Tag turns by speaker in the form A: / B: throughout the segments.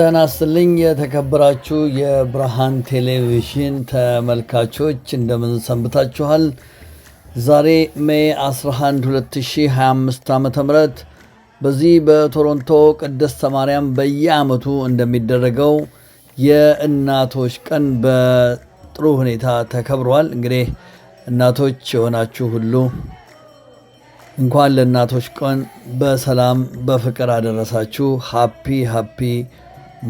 A: ጤና ይስጥልኝ የተከበራችሁ የብርሃን ቴሌቪዥን ተመልካቾች እንደምን ሰንብታችኋል? ዛሬ ሜይ 11 2025 ዓ ም በዚህ በቶሮንቶ ቅድስተ ማርያም በየአመቱ እንደሚደረገው የእናቶች ቀን በጥሩ ሁኔታ ተከብሯል። እንግዲህ እናቶች የሆናችሁ ሁሉ እንኳን ለእናቶች ቀን በሰላም በፍቅር አደረሳችሁ። ሃፒ ሃፒ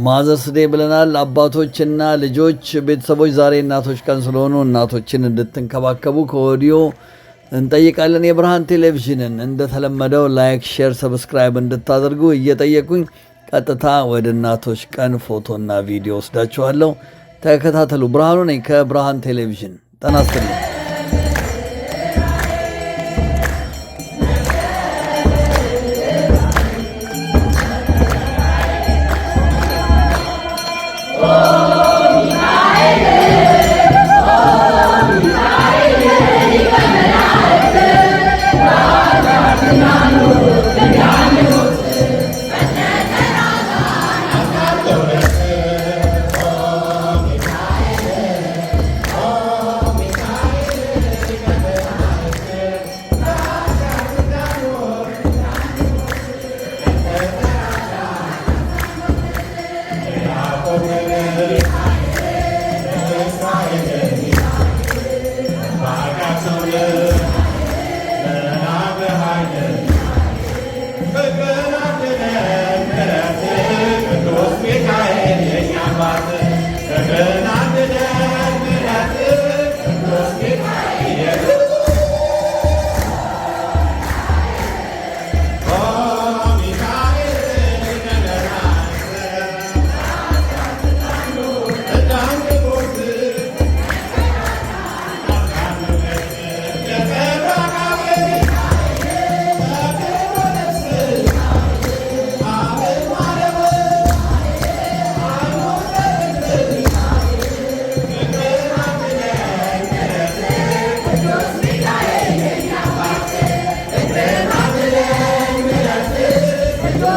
A: ማዘርስ ዴ ብለናል። አባቶችና ልጆች ቤተሰቦች፣ ዛሬ እናቶች ቀን ስለሆኑ እናቶችን እንድትንከባከቡ ከወዲሁ እንጠይቃለን። የብርሃን ቴሌቪዥንን እንደተለመደው ላይክ፣ ሼር፣ ሰብስክራይብ እንድታደርጉ እየጠየቁኝ ቀጥታ ወደ እናቶች ቀን ፎቶና ቪዲዮ ወስዳችኋለሁ። ተከታተሉ። ብርሃኑ ነኝ ከብርሃን ቴሌቪዥን ጠናስል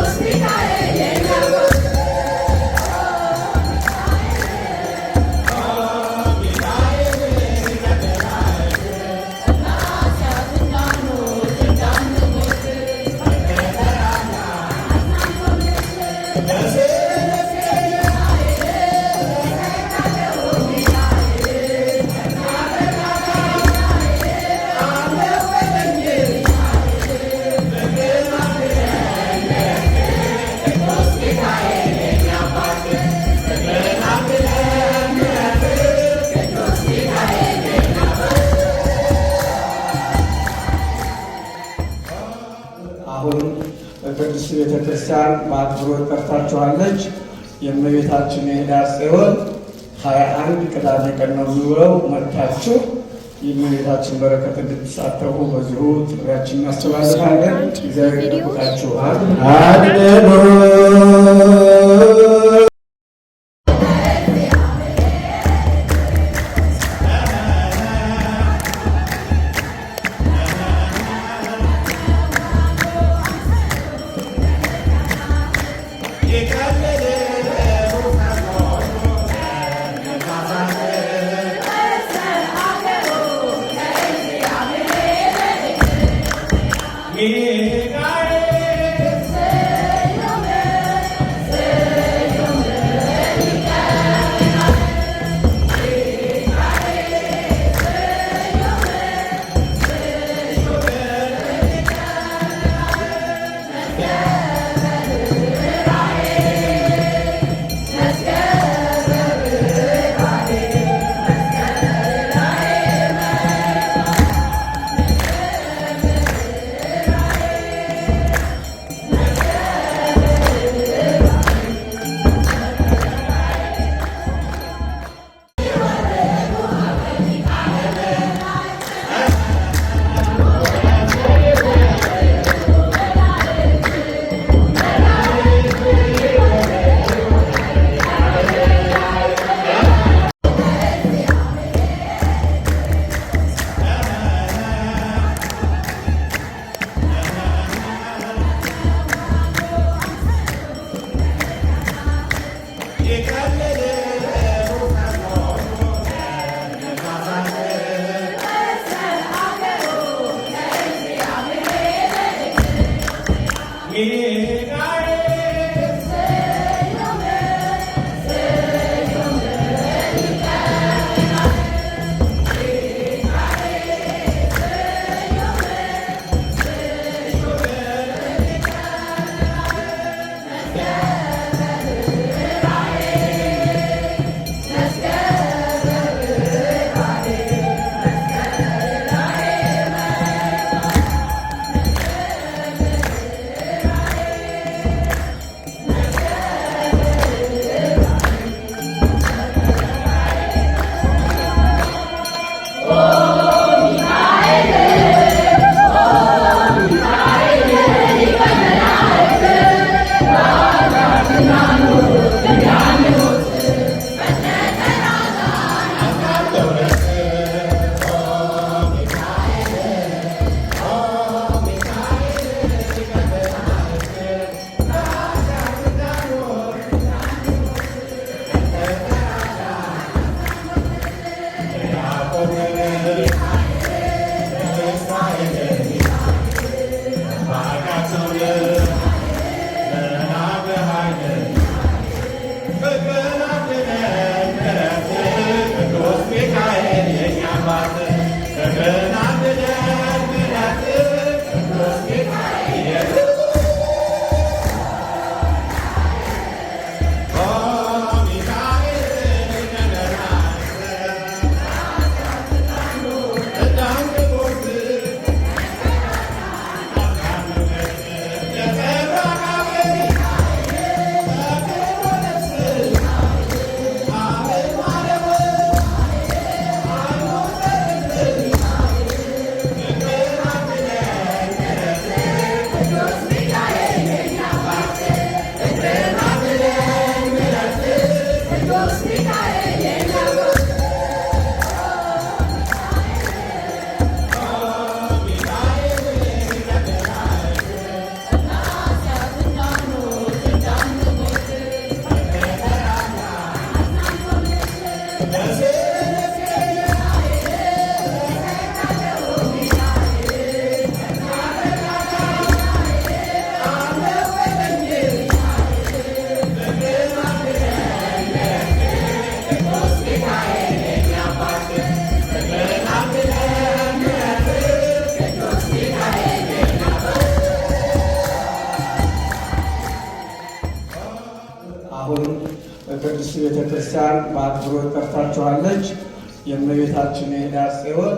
B: suas picaretas. ቤተክርስቲያን በአክብሮት ከፍታችኋለች። የእመቤታችን የህዳር ጽዮን ሀያ አንድ ቅዳሜ ቀን ነው የሚውለው። መጥታችሁ የእመቤታችን በረከት እንድትሳተፉ በዚሁ ጥሪያችን እናስተላልፋለን። እግዚአብሔር ይጠብቃችሁ። አንድ Yeah. Köpek ቅድስት ቤተክርስቲያን በአክብሮት ጠርታችኋለች። የእመቤታችን የህዳር ሲሆን